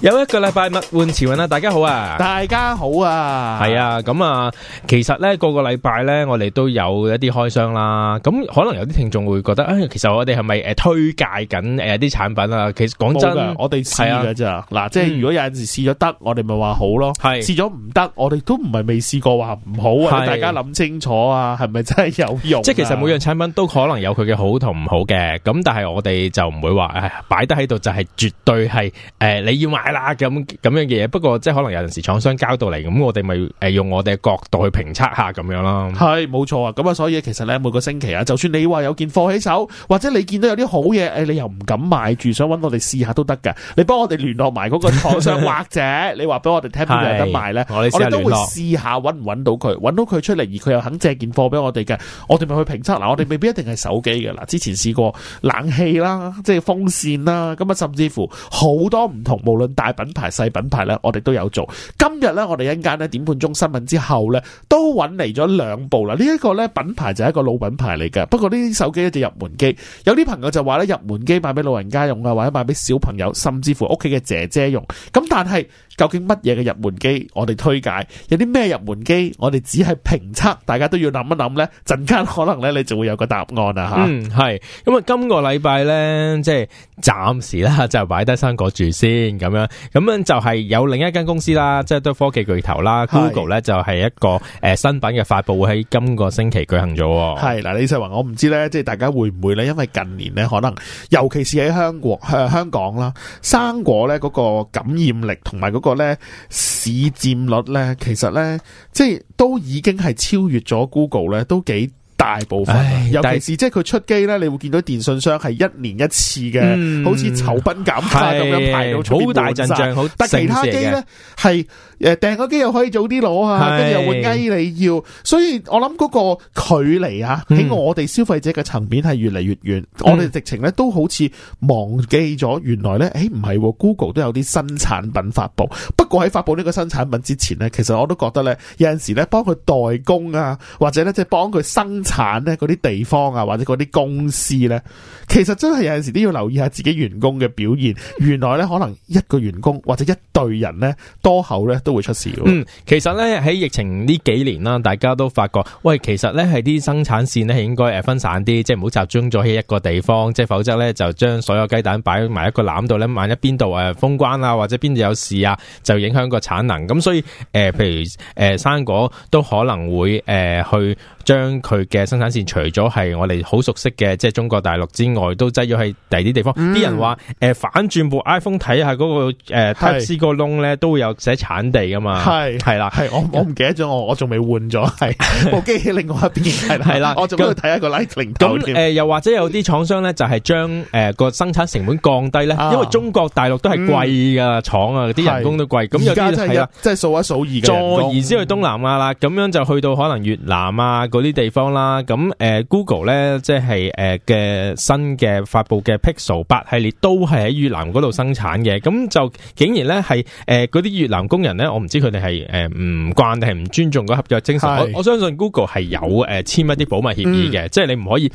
有一個禮拜物玩潮人啦，大家好啊！大家好啊！係啊，咁啊，其實咧個個禮拜咧，我哋都有一啲開箱啦。咁可能有啲聽眾會覺得，誒，其實我哋係咪誒推介緊誒啲產品啊？其實講真，我哋試噶咋？嗱，即係如果有陣時試咗得，我哋咪話好咯。係試咗唔得，我哋都唔係未試過話唔好啊！大家諗清楚啊，係咪真係有用？即係其實每樣產品都可能有佢嘅好同唔好嘅。咁但係我哋就唔會話誒擺得喺度就係絕對係誒你要買。係啦，咁咁樣嘅嘢，不過即係可能有陣時廠商交到嚟，咁我哋咪誒用我哋嘅角度去評測下咁樣咯。係，冇錯啊。咁啊，所以其實咧，每個星期啊，就算你話有件貨喺手，或者你見到有啲好嘢，誒，你又唔敢賣住，想揾我哋試下都得㗎。你幫我哋聯絡埋嗰個廠商或者，你話俾我哋聽邊度有得賣咧，我哋都會試下揾唔揾到佢，揾到佢出嚟而佢又肯借件貨俾我哋嘅，我哋咪去評測。嗱，我哋未必一定係手機嘅，啦，之前試過冷氣啦，即係風扇啦，咁啊，甚至乎好多唔同，無論。大品牌、細品牌呢，我哋都有做。今日呢，我哋一間呢點半鐘新聞之後呢，都揾嚟咗兩部啦。呢、這、一個呢，品牌就係一個老品牌嚟㗎。不過呢啲手機呢，就入門機。有啲朋友就話呢，入門機買俾老人家用啊，或者買俾小朋友，甚至乎屋企嘅姐姐用。咁但係究竟乜嘢嘅入門機我哋推介？有啲咩入門機我哋只係評測，大家都要諗一諗呢。陣間可能呢，你就會有個答案啦吓，嗯，係。咁啊，今個禮拜呢，即係暫時啦，就擺低生果住先咁樣咁樣就係有另一間公司啦，即係都科技巨頭啦，Google 咧，就係一個誒新品嘅發佈會喺今個星期舉行咗。係嗱，李世雲，我唔知咧，即係大家會唔會咧？因為近年咧，可能尤其是喺香港、啊、香港啦，生果咧嗰個感染力同埋嗰個咧市佔率咧，其實咧即係都已經係超越咗 Google 咧，都幾。大部分，尤其是即係佢出機咧，你會見到電信商係一年一次嘅、嗯，好似酬賓減咁樣排到出邊晒。好大陣仗，好。但其他機咧，係誒訂個機又可以早啲攞啊，跟住又會呓你要。所以我諗嗰個距離啊，喺、嗯、我哋消費者嘅層面係越嚟越遠、嗯。我哋直情咧都好似忘記咗原來咧，誒唔係 Google 都有啲新產品發布。不過喺發布呢個新產品之前咧，其實我都覺得咧有陣時咧幫佢代工啊，或者咧即係幫佢生。產咧嗰啲地方啊，或者嗰啲公司呢，其實真係有陣時都要留意下自己員工嘅表現。原來呢，可能一個員工或者一隊人呢，多口呢都會出事。嗯，其實呢，喺疫情呢幾年啦，大家都發覺，喂，其實呢係啲生產線呢，係應該分散啲，即係唔好集中咗喺一個地方，即係否則呢就將所有雞蛋擺埋一個籃度呢，萬一邊度誒封關啊，或者邊度有事啊，就影響個產能。咁所以誒、呃，譬如誒、呃、生果都可能會誒、呃、去。將佢嘅生產線除咗係我哋好熟悉嘅，即、就、係、是、中國大陸之外，都擠咗去第二啲地方。啲、嗯、人話誒、呃，反轉部 iPhone 睇下嗰個誒、呃、type c 個窿咧，都會有寫產地噶嘛。係係啦，係我我唔記得咗，我、嗯、我仲未換咗，係部機另外一邊係啦，我仲去睇下個 Lightning 咁誒，又或者有啲廠商咧，就係將誒個生產成本降低咧、啊，因為中國大陸都係貴噶廠啊，啲人工都貴。咁有啲係啦，即係數一數二。再而先去東南亞啦，咁樣就去到可能越南啊。嗰啲地方啦，咁、呃、Google 咧，即係誒嘅新嘅發布嘅 Pixel 8系列都係喺越南嗰度生產嘅。咁就竟然咧係誒嗰啲越南工人咧，我唔知佢哋係唔慣定係唔尊重嗰合約精神我。我相信 Google 係有誒、呃、簽一啲保密協議嘅、嗯，即係你唔可以。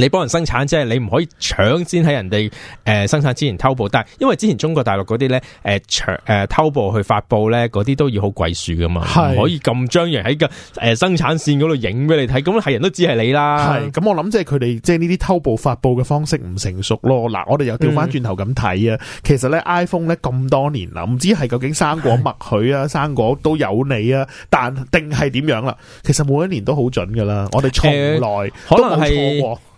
你幫人生產，即係你唔可以搶先喺人哋誒、呃、生產之前偷步。但係因為之前中國大陸嗰啲咧誒誒偷步、呃、去發布咧嗰啲都要好貴樹噶嘛，唔可以咁張揚喺個誒生產線嗰度影俾你睇，咁係人都知係你布布啦。咁我諗即係佢哋即係呢啲偷步發布嘅方式唔成熟咯。嗱，我哋又調翻轉頭咁睇啊，其實咧 iPhone 咧咁多年啦，唔知係究竟生果默許啊， 生果都有你啊，但定係點樣啦？其實每一年都好準噶啦，我哋從來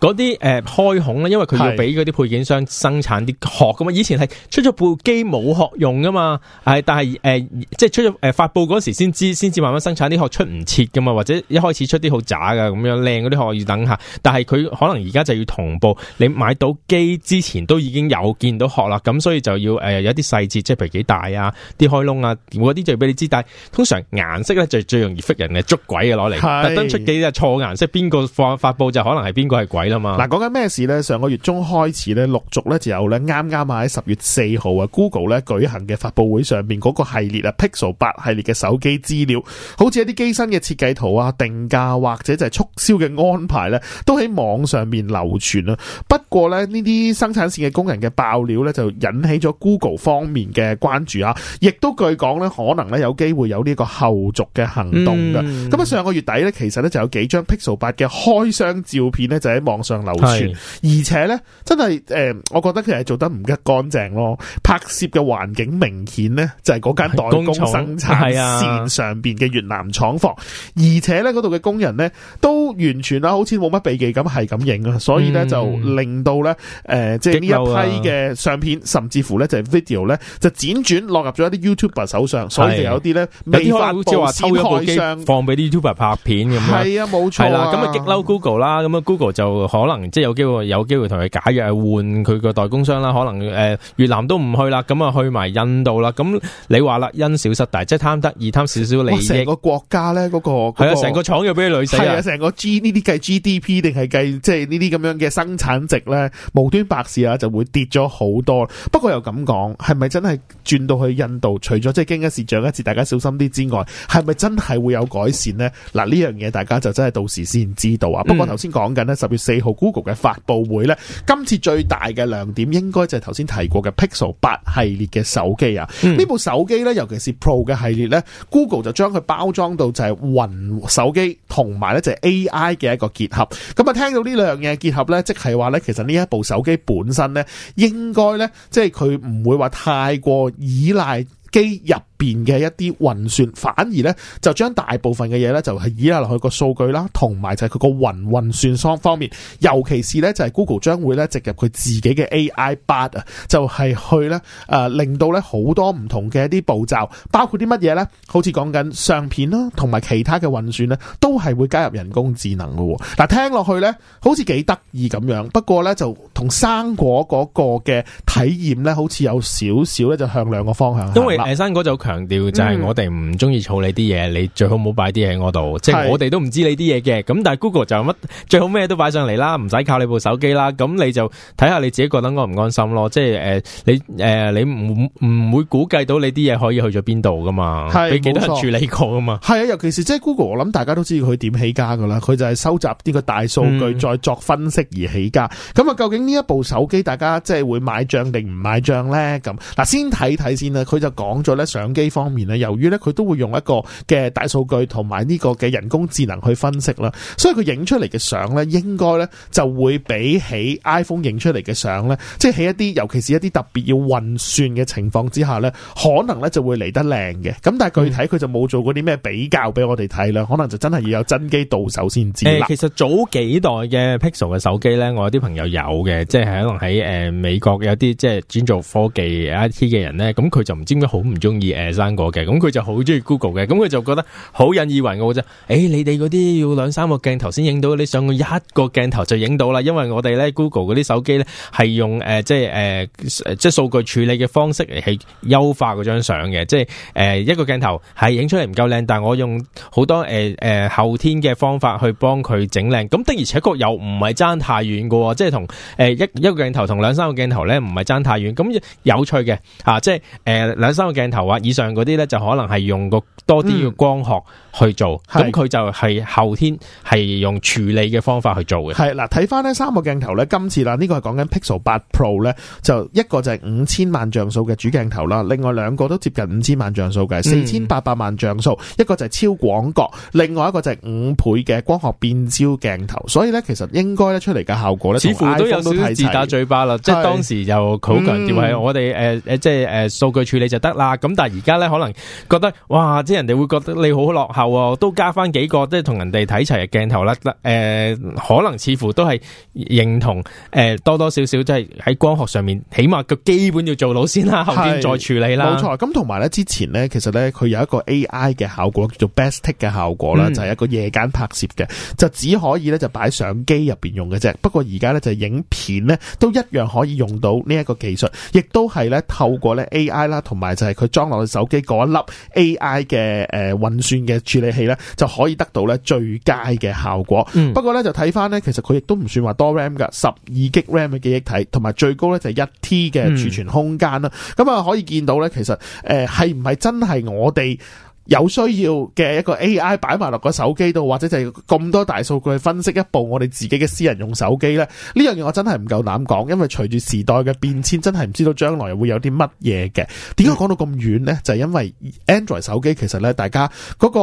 嗰啲誒開孔咧，因為佢要俾嗰啲配件商生產啲殼噶嘛。以前係出咗部機冇殼用噶嘛，但係誒、呃，即係出咗誒、呃、發佈嗰時先知，先至慢慢生產啲殼出唔切噶嘛，或者一開始出啲好渣噶咁樣靚嗰啲殼要等下。但係佢可能而家就要同步，你買到機之前都已經有見到殼啦，咁所以就要誒、呃、有一啲細節，即係譬如幾大啊、啲開窿啊，嗰啲就要俾你知。但係通常顏色咧就最容易逼人嘅捉鬼嘅攞嚟，特登出幾隻錯顏色，邊個放發佈就可能係邊個係鬼咯。嗱，講緊咩事咧？上個月中開始咧，陸續咧就有咧啱啱啊喺十月四號啊，Google 咧舉行嘅發佈會上面嗰個系列啊 Pixel 八系列嘅手機資料，好似一啲機身嘅設計圖啊、定價或者就係促銷嘅安排咧，都喺網上面流傳啊，不過咧呢啲生產線嘅工人嘅爆料咧，就引起咗 Google 方面嘅關注啊，亦都據講咧可能咧有機會有呢個後續嘅行動噶。咁、嗯、啊，上個月底咧其實咧就有幾張 Pixel 八嘅開箱照片咧，就喺網。上流傳，而且咧真係誒、呃，我覺得佢係做得唔得乾淨咯。拍攝嘅環境明顯咧，就係、是、嗰間代工生產線上邊嘅越南廠房，而且咧嗰度嘅工人咧都完全啊，好似冇乜避忌咁，係咁影啊。所以咧就令到咧誒、呃，即係呢一批嘅相片，甚至乎咧就係 video 咧，就輾轉落入咗一啲 YouTuber 手上，所以就有啲咧未發佈之海上放俾啲 YouTuber 拍片咁樣。係啊，冇錯、啊、啦。咁啊激嬲 Google 啦，咁啊 Google 就。可能即係有機會，有機會同佢解約，換佢個代工商啦。可能誒、呃,越南都唔去啦，咁啊去埋印度啦。咁你話啦，因小失大，即係貪得意貪少少利益。成個國家咧，嗰、那個係啊，成、那個廠又俾佢累死啊，成個 G 呢啲計 GDP 定係計即係呢啲咁樣嘅生產值咧，無端百事啊就會跌咗好多。不過又咁講，係咪真係轉到去印度？除咗即係驚一時，長一次，大家小心啲之外，係咪真係會有改善呢？嗱、啊，呢樣嘢大家就真係到時先知道啊。不過頭先講緊呢，十月四。號 Google 嘅發佈會咧，今次最大嘅亮點應該就係頭先提過嘅 Pixel 八系列嘅手機啊！呢、嗯、部手機咧，尤其是 Pro 嘅系列咧，Google 就將佢包裝到就係雲手機同埋咧就係 AI 嘅一個結合。咁啊，聽到呢兩樣嘢結合咧，即係話咧，其實呢一部手機本身咧，應該咧，即係佢唔會話太過依賴。機入邊嘅一啲運算，反而呢就將大部分嘅嘢呢，就係依賴落去個數據啦，同埋就係佢個雲運算雙方面，尤其是呢，就係、是、Google 將會呢植入佢自己嘅 AI 八啊，就係去呢，誒、呃、令到呢好多唔同嘅一啲步驟，包括啲乜嘢呢，好似講緊相片啦，同埋其他嘅運算呢，都係會加入人工智能嘅。嗱，聽落去呢，好似幾得意咁樣，不過呢就。同生果嗰個嘅體驗咧，好似有少少咧，就向兩個方向，向。因為誒生果就強調、嗯、就係我哋唔中意儲你啲嘢，你最好唔好擺啲嘢喺我度，即係我哋都唔知你啲嘢嘅。咁但係 Google 就乜最好咩都擺上嚟啦，唔使靠你部手機啦。咁你就睇下你自己覺得安唔安心咯。即係誒，你誒、呃、你唔唔會估計到你啲嘢可以去咗邊度噶嘛？係幾多人處理過㗎嘛？係啊，尤其是即係 Google，我諗大家都知道佢點起家噶啦。佢就係收集呢個大數據，嗯、再作分析而起家。咁啊，究竟？呢一部手機，大家即係會買賬定唔買賬呢？咁嗱，先睇睇先啦。佢就講咗咧，相機方面咧，由於咧佢都會用一個嘅大數據同埋呢個嘅人工智能去分析啦，所以佢影出嚟嘅相咧，應該咧就會比起 iPhone 影出嚟嘅相咧，即係喺一啲尤其是一啲特別要運算嘅情況之下咧，可能咧就會嚟得靚嘅。咁但係具體佢就冇做過啲咩比較俾我哋睇啦，可能就真係要有真機到手先知。其實早幾代嘅 Pixel 嘅手機咧，我有啲朋友有嘅。即係可能喺誒、呃、美國有啲即係專做科技 IT 嘅人咧，咁佢就唔知點解好唔中意誒生果嘅，咁佢就好中意 Google 嘅，咁佢就覺得好引以為傲啫。誒、欸，你哋嗰啲要兩三個鏡頭先影到，你上一個鏡頭就影到啦。因為我哋咧 Google 嗰啲手機咧係用誒、呃、即係誒、呃、即係數據處理嘅方式嚟去優化嗰張相嘅，即係誒、呃、一個鏡頭係影出嚟唔夠靚，但係我用好多誒誒、呃呃、後天嘅方法去幫佢整靚，咁的而且確又唔係爭太遠噶，即係同誒。呃一一個鏡頭同兩三個鏡頭咧，唔係爭太遠。咁有趣嘅吓、啊，即係誒兩三個鏡頭啊以上嗰啲咧，就可能係用個多啲嘅光學去做。咁、嗯、佢就係後天係用處理嘅方法去做嘅。係嗱，睇翻呢三個鏡頭咧，今次啦呢、這個係講緊 Pixel 八 Pro 咧，就一個就係五千萬像素嘅主鏡頭啦，另外兩個都接近五千萬像素嘅四千八百萬像素，像素嗯、一個就係超廣角，另外一個就係五倍嘅光學變焦鏡頭。所以咧，其實應該咧出嚟嘅效果咧，似乎都有少係自打嘴巴啦，就是，即係當時又好強調係我哋誒誒，即係誒數據處理就得啦。咁但係而家咧，可能覺得哇，即係人哋會覺得你好，好落後啊！都加翻幾個，即係同人哋睇齊嘅鏡頭啦。誒、呃，可能似乎都係認同誒、呃，多多少少即係喺光學上面，起碼個基本要做到先啦，後邊再處理啦。冇錯。咁同埋咧，之前咧，其實咧，佢有一個 AI 嘅效果叫做 Best Take 嘅效果啦，嗯，就係、是、一個夜間拍攝嘅，就只可以咧就擺相機入邊用嘅啫。不過而家咧就係、影片。件咧都一樣可以用到呢一個技術，亦都係咧透過咧 AI 啦，同埋就係佢裝落去手機嗰一粒 AI 嘅誒運算嘅處理器咧，就可以得到咧最佳嘅效果。嗯、不過咧就睇翻咧，其實佢亦都唔算話多 RAM 噶，十二 G RAM 嘅記憶體，同埋最高咧就係一 T 嘅儲存空間啦。咁、嗯、啊可以見到咧，其實誒係唔係真係我哋？有需要嘅一個 AI 擺埋落個手機度，或者就係咁多大數據去分析一部我哋自己嘅私人用手機咧，呢樣嘢我真係唔夠膽講，因為隨住時代嘅變遷真係唔知道將來會有啲乜嘢嘅。點解講到咁遠咧？就係、是、因為 Android 手機其實咧，大家嗰個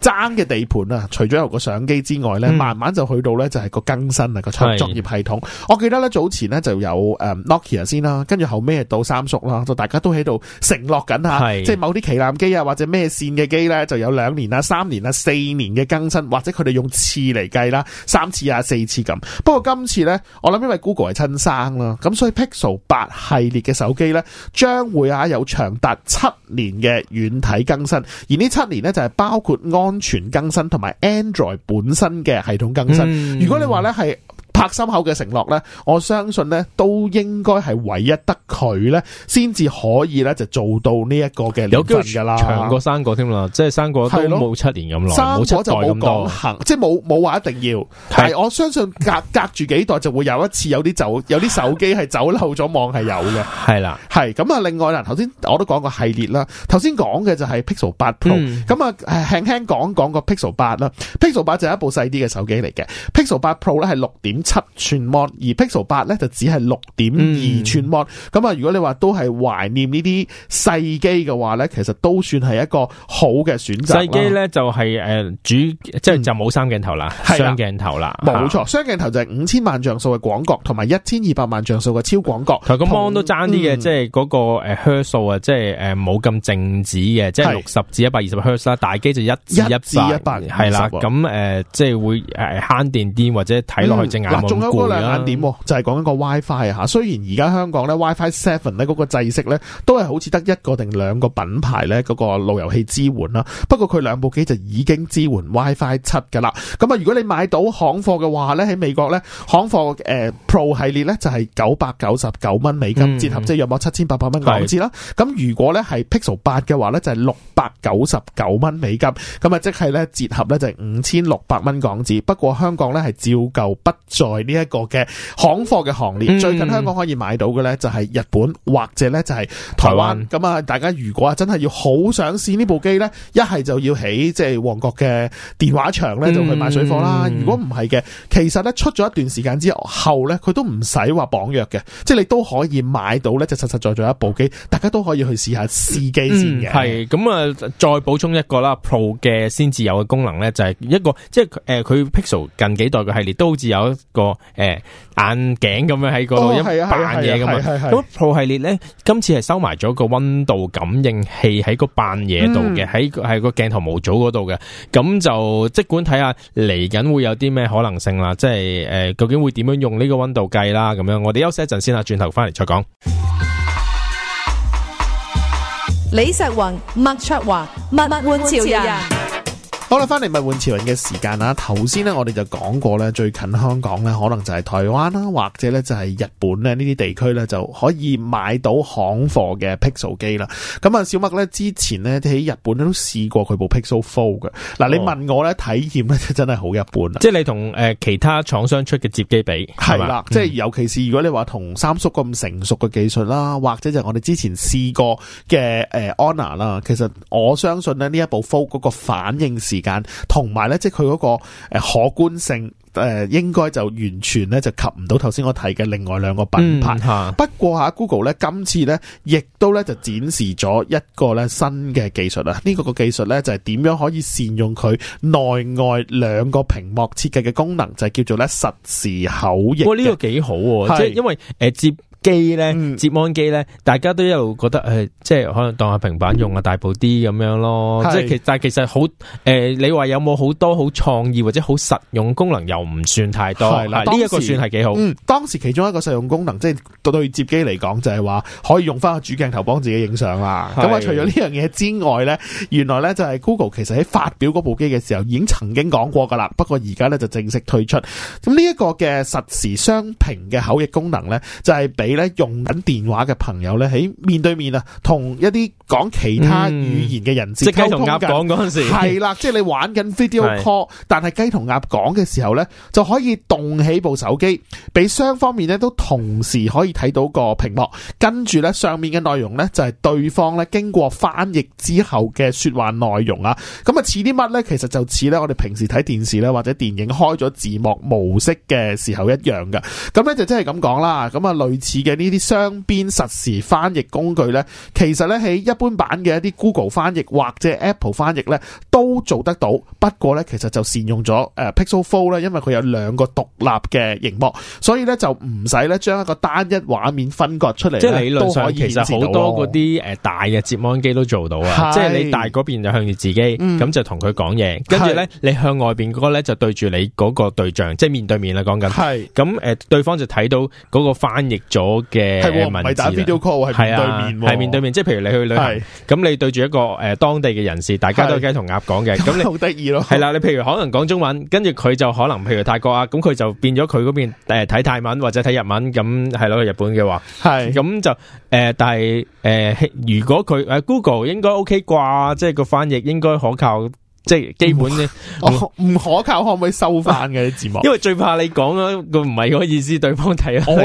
爭嘅地盤啊，除咗有個相機之外咧，慢慢就去到咧就係個更新啊個操作系統，我記得咧早前咧就有誒 Nokia 先啦，跟住後屘到三叔啦，就大家都喺度承諾緊吓，即係某啲旗艦機啊或者咩線嘅機咧就有兩年啦、三年啦、四年嘅更新，或者佢哋用次嚟計啦，三次啊、四次咁。不過今次呢，我諗因為 Google 係親生啦，咁所以 Pixel 8系列嘅手機呢，將會啊有長達七年嘅軟體更新，而呢七年呢，就係包括安全更新同埋 Android 本身嘅系統更新。嗯、如果你話呢係拍心口嘅承諾咧，我相信咧都應該係唯一得佢咧，先至可以咧就做到呢一個嘅有經驗噶啦，長過生果添啦，即係生果都冇七年咁耐，生果就冇講行，即係冇冇話一定要。係我相信隔隔住幾代就會有一次有啲走有啲手機係走漏咗網係有嘅，係啦，係咁啊！另外啊，頭先我都講個系列啦，頭先講嘅就係 Pixel 八 Pro，咁啊輕輕講講個 Pixel 八啦、嗯、，Pixel 八就係一部細啲嘅手機嚟嘅，Pixel 八 Pro 咧係六點。七寸芒，而 Pixel 八咧就只係六點二吋芒。咁、嗯、啊，如果你都懷話都係懷念呢啲細機嘅話咧，其實都算係一個好嘅選擇。細機咧就係、是、誒主，即係就冇三鏡頭啦，雙、嗯、鏡頭啦，冇錯，雙鏡頭，頭就係五千萬像素嘅廣角，同埋一千二百萬像素嘅超廣角。同個芒都爭啲嘅，即係嗰個誒 hertz 數啊，即係誒冇咁靜止嘅，即係六十至一百二十 hertz 啦。大機、呃、就一至一至一百係啦。咁誒即係會誒慳電啲，或者睇落去正眼。嗯嗱、啊，仲有嗰兩眼點，麼麼啊、就係講緊個 WiFi 啊，雖然而家香港咧 WiFi Seven 咧嗰個制式咧，都係好似得一個定兩個品牌咧嗰個路由器支援啦。不過佢兩部機就已經支援 WiFi 七噶啦。咁、嗯、啊、嗯，如果你買到行貨嘅話咧，喺美國咧行貨誒、呃、Pro 系列咧就係九百九十九蚊美金，折合即係約莫七千八百蚊港紙啦。咁如果咧係 Pixel 八嘅話咧，就係六百九十九蚊美金，咁啊即係咧折合咧就係五千六百蚊港紙。不過香港咧係照舊不。在呢一個嘅行貨嘅行列，嗯,最近香港可以買到嘅呢,就係日本或者呢,就係台灣。咁啊，大家如果啊真係要好想試呢部機呢，一係就要喺即係旺角嘅電話場呢，就去買水貨啦，嗯。如果唔係嘅，其實呢，出咗一段時間之後呢，佢都唔使話綁約嘅，即係你都可以買到呢，就實實在在一部機，大家都可以去試下試機先嘅。係咁啊，再補充一個啦，Pro 嘅先至有嘅功能呢，就係、是、一個即係佢、呃、Pixel 近幾代嘅系列都好似有。個誒眼鏡咁樣喺個一扮嘢噶嘛，咁 Pro 系列咧今次係收埋咗個溫度感應器喺個扮嘢度嘅，喺喺個鏡頭模組嗰度嘅，咁就即管睇下嚟緊會有啲咩可能性啦，即係誒究竟會點樣用呢個溫度計啦，咁樣我哋休息一陣先啦，轉頭翻嚟再講。李石雲、麥卓華、物玩潮人。好啦，翻嚟物玩潮人嘅時間啦。頭先咧，我哋就講過咧，最近香港咧，可能就係台灣啦，或者咧就係日本咧呢啲地區咧就可以買到行貨嘅 Pixel 機啦。咁啊，小麥咧之前咧喺日本都試過佢部 Pixel Fold 嘅。嗱、哦，你問我咧體驗咧就真係好一般啦。即係你同誒其他廠商出嘅折機比係啦，即係尤其是如果你話同三叔咁成熟嘅技術啦，嗯，或者就係我哋之前試過嘅誒 Anya 啦，呃、Honor, 其實我相信咧呢一部 Fold 嗰個反應時。間同埋咧，即係佢嗰個誒可觀性誒，應該就完全咧就及唔到頭先我提嘅另外兩個品牌。嗯、不過啊，Google 咧今次咧亦都咧就展示咗一個咧新嘅技術啊！呢、這個個技術咧就係點樣可以善用佢內外兩個屏幕設計嘅功能，就係叫做咧實時口譯。哇，呢、這個幾好、喎，即係因為誒、呃、接。機咧、嗯，接彎機咧，大家都一路覺得誒、呃，即係可能當下平板用啊，大部啲咁樣咯。即係其但係其實好誒、呃，你話有冇好多好創意或者好實用功能又唔算太多。係啦，呢一個算係幾好當、嗯。當時其中一個實用功能，即、就、係、是、對接機嚟講就係話可以用翻個主鏡頭幫自己影相啦。咁啊，除咗呢樣嘢之外咧，原來咧就係 Google 其實喺發表嗰部機嘅時候已經曾經講過噶啦。不過而家咧就正式推出咁呢一個嘅實時雙屏嘅口譯功能咧，就係俾。用緊電話嘅朋友咧，喺面對面啊，同一啲講其他語言嘅人士、嗯溝通，即雞同鴨講嗰陣時係啦， 即係你玩緊 video call，但係雞同鴨講嘅時候呢，就可以動起部手機，俾雙方面咧都同時可以睇到個屏幕，跟住呢，上面嘅內容呢，就係對方咧經過翻譯之後嘅說話內容啊，咁啊似啲乜呢？其實就似呢，我哋平時睇電視呢，或者電影開咗字幕模式嘅時候一樣噶，咁咧就真係咁講啦，咁啊類似。嘅呢啲雙邊實時翻譯工具咧，其實咧喺一般版嘅一啲 Google 翻譯或者 Apple 翻譯咧，都做得到。不過咧，其實就善用咗誒 Pixel Fold 咧，因為佢有兩個獨立嘅螢幕，所以咧就唔使咧將一個單一畫面分割出嚟，即係理論上，都可以。其實好多嗰啲誒大嘅折芒機都做到啊！即係你大嗰邊就向住自己，咁就同佢講嘢。跟住咧，你向外邊嗰個咧就對住你嗰個對象，即係面對面啦。講緊係咁誒，對方就睇到嗰個翻譯咗。好嘅，係喎，唔係打 v 面對面，面對面。即係譬如你去旅行，咁你對住一個誒、呃、當地嘅人士，大家都係同鴨講嘅，咁你好得意咯。係啦，你譬如可能講中文，跟住佢就可能譬如泰國啊，咁佢就變咗佢嗰邊誒睇泰文或者睇日文，咁係咯，去日本嘅話，係咁就誒、呃，但係誒、呃，如果佢誒、呃、Google 應該 OK 啩，即、就、係、是、個翻譯應該可靠。即係基本咧，唔唔可靠 可唔可以收翻嘅字幕？ 因為最怕你講咗，佢唔係個意思， 對方睇啦，我都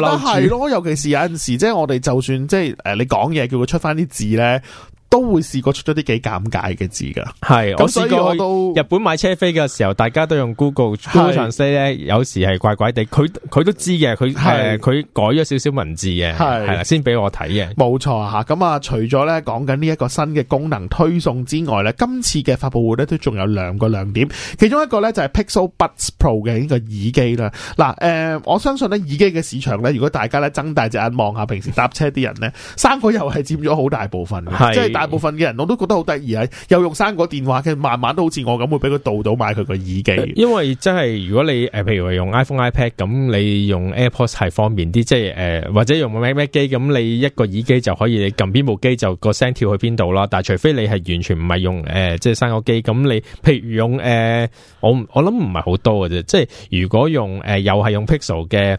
覺得係咯。尤其是，是， 尤其是有陣時，即、就、係、是、我哋就算即係誒，你講嘢叫佢出翻啲字咧。都會試過出咗啲幾尷尬嘅字噶，係咁，所以我到日本買車飛嘅時候，大家都用 Google 翻譯咧，有時係怪怪地，佢佢都知嘅，佢佢、呃、改咗少少文字嘅，係係啦，先俾我睇嘅，冇錯吓。咁啊，除咗咧講緊呢一個新嘅功能推送之外咧，今次嘅發佈會咧都仲有兩個亮點，其中一個咧就係、是、Pixel Buds Pro 嘅呢個耳機啦。嗱、啊、誒、呃，我相信咧耳機嘅市場咧，如果大家咧睜大隻眼望下，平時搭車啲人咧，三個又係佔咗好大部分，即係。大部分嘅人我都覺得好得意啊！又用生果電話嘅，慢慢都好似我咁，會俾佢導到買佢個耳機，因為真、就、係、是、如果你誒、呃，譬如話用 iPhone、iPad，咁你用 AirPods 係方便啲。即係誒、呃，或者用 Mac 機，咁你一個耳機就可以，撳邊部機就、個聲跳去邊度啦。但係除非你係完全唔係用誒，即係生果機，咁，你譬如用誒、呃，我我諗唔係好多嘅啫。即係如果用誒、呃，又係用 Pixel 嘅誒誒，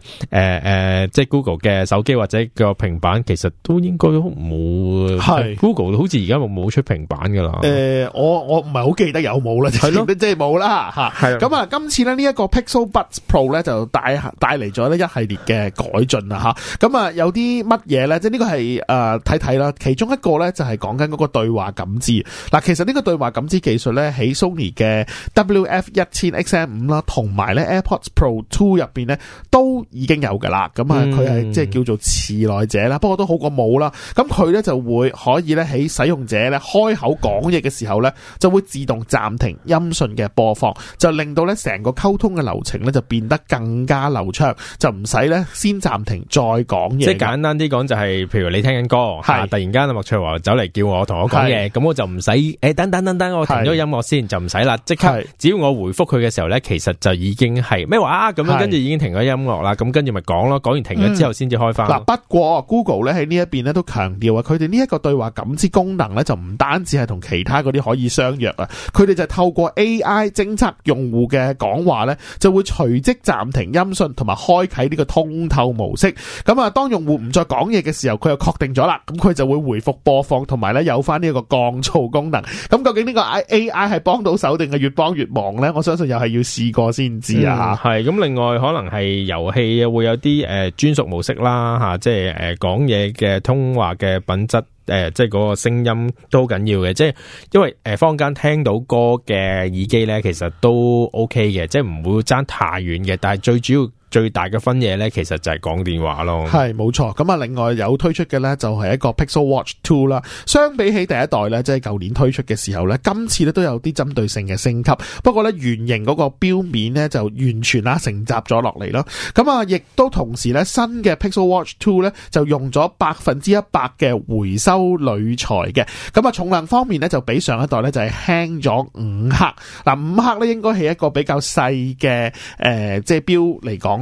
即係 Google 嘅手機或者個平板，其實都應該冇。係 Google 好似。而家冇冇出平板噶啦、呃？我我唔係好記得有冇啦，就係、即係冇啦嚇。係咁啊，今次咧呢一個 Pixel Buds Pro 咧就帶帶嚟咗一系列嘅改進啊嚇。咁啊，有啲乜嘢咧？即係呢個係誒睇睇啦。其中一個咧就係講緊嗰個對話感知。嗱、啊，其實呢個對話感知技術咧喺 Sony 嘅 WF 一千 XM 五啦，同埋咧 AirPods Pro Two 入邊咧都已經有噶啦。咁啊，佢係即係叫做遲來者啦，嗯、不過都好過冇啦。咁佢咧就會可以咧喺。使用者咧開口講嘢嘅時候咧，就會自動暫停音訊嘅播放，就令到咧成個溝通嘅流程咧就變得更加流暢，就唔使咧先暫停再講嘢。即係簡單啲講，就係譬如你聽緊歌，係突然間啊，莫翠華走嚟叫我同我講嘢，咁我就唔使誒等等等等，我停咗音樂先，就唔使啦，即刻只要我回復佢嘅時候咧，其實就已經係咩話咁樣，跟住已經停咗音樂啦，咁跟住咪講咯，講完停咗之後先至開翻。嗱，不過 Google 咧喺呢一邊咧都強調話，佢哋呢一個對話感知功。功能咧就唔單止係同其他嗰啲可以相約啊，佢哋就透過 AI 偵測用戶嘅講話咧，就會隨即暫停音訊同埋開啟呢個通透模式。咁啊，當用戶唔再講嘢嘅時候，佢又確定咗啦，咁佢就會回復播放同埋咧有翻呢個降噪功能。咁究竟呢個 AI 係幫到手定係越幫越忙咧？我相信又係要試過先知啊。係咁，另外可能係遊戲啊會有啲誒專屬模式啦，吓即係誒講嘢嘅通話嘅品質。誒、呃，即係嗰個聲音都好緊要嘅，即係因為誒坊間聽到歌嘅耳機咧，其實都 OK 嘅，即係唔會爭太遠嘅，但係最主要。最大嘅分野呢，其實就係講電話咯是。係，冇錯。咁啊，另外有推出嘅呢，就係一個 Pixel Watch Two 啦。相比起第一代呢，即係舊年推出嘅時候呢，今次呢都有啲針對性嘅升級。不過呢，圓形嗰個表面呢，就完全啦成集咗落嚟咯。咁啊，亦都同時呢，新嘅 Pixel Watch Two 呢就用咗百分之一百嘅回收鋁材嘅。咁啊，重量方面呢，就比上一代呢，就係輕咗五克。嗱，五克呢，應該係一個比較細嘅誒，即係表嚟講。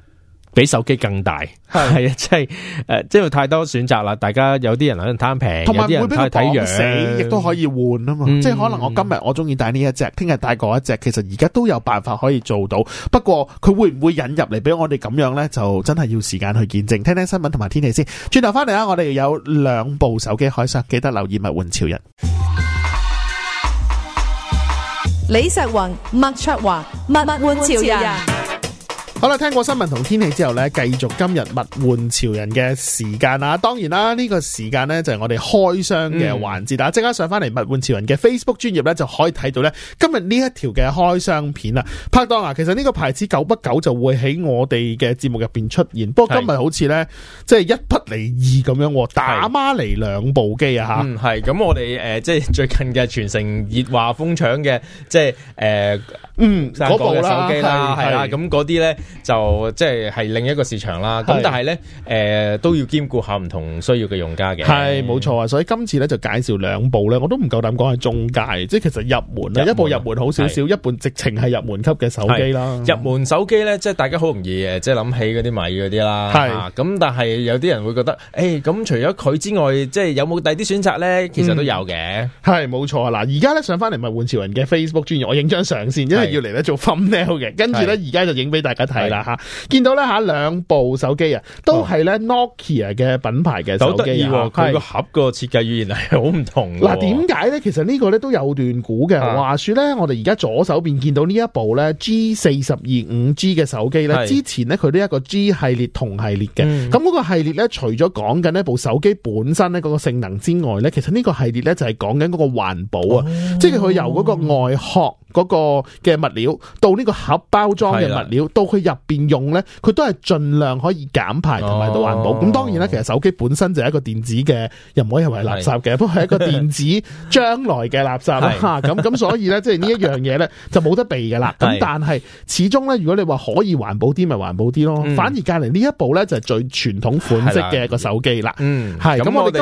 比手機更大，係啊，即係誒，即係太多選擇啦。大家有啲人可能貪平，有啲人太睇樣，亦都可以換啊嘛。即係可能我今日我中意戴呢一隻，聽日戴嗰一隻，其實而家都有辦法可以做到。不過佢會唔會引入嚟俾我哋咁樣咧？就真係要時間去見證。聽聽新聞同埋天氣先。轉頭翻嚟啊，我哋有兩部手機開箱，記得留意物玩潮人。李石云、麥卓華、物玩潮人。好啦，聽過新聞同天氣之後呢，繼續今日物玩潮人嘅時間啦。當然啦，呢、這個時間呢，就係我哋開箱嘅環節。大、嗯、家即刻上翻嚟物玩潮人嘅 Facebook 專頁呢，就可以睇到呢今日呢一條嘅開箱片啦。拍檔啊，其實呢個牌子久不久就會喺我哋嘅節目入邊出現。不過今日好似呢、啊嗯呃，即係一不離二咁樣，打孖嚟兩部機啊！吓，係咁我哋誒，即係最近嘅全城熱話瘋搶嘅，即係誒。嗯，嗰部啦，係啦，咁嗰啲咧就即係係另一個市場啦。咁但係咧，誒、呃、都要兼顧下唔同需要嘅用家嘅。係，冇錯啊。所以今次咧就介紹兩部咧，我都唔夠膽講係中介，即係其實入門咧、啊，一部入門好少少，一部直情係入門級嘅手機啦。入門手機咧，即係大家好容易誒，即係諗起嗰啲米嗰啲啦。係，咁、啊、但係有啲人會覺得，誒、欸，咁除咗佢之外，即係有冇第啲選擇咧？其實都有嘅，、嗯。係，冇錯啊。嗱，而家咧上翻嚟咪換潮人嘅 Facebook 專頁，我影張相先。係要嚟咧做 thumbnail 嘅，跟住咧而家就影俾大家睇啦吓，見到咧吓兩部手機、哦、啊，都係咧 Nokia 嘅品牌嘅手機，好得意，佢個盒個設計語言係好唔同。嗱，點解咧？其實呢個咧都有段估嘅、啊，話說咧，我哋而家左手邊見到呢一部咧 G42 5G 嘅手機咧，之前咧佢呢一個 G 系列同系列嘅，咁、嗯、嗰、那個系列咧，除咗講緊呢部手機本身咧嗰個性能之外咧，其實呢個系列咧就係講緊嗰個環保啊、哦，即係佢由嗰個外殼。嗰、那個嘅物料到呢個盒包裝嘅物料到佢入邊用咧，佢都係盡量可以減排同埋都環保。咁、哦、當然啦，其實手機本身就係一個電子嘅，又唔可以認為垃圾嘅，不過係一個電子將來嘅垃圾。咁咁所以咧，即係呢一樣嘢咧就冇得避嘅啦。咁但係始終咧，如果你話可以環保啲，咪環保啲咯。反而隔離呢一部咧就係最傳統款式嘅一個手機啦。嗯，咁我哋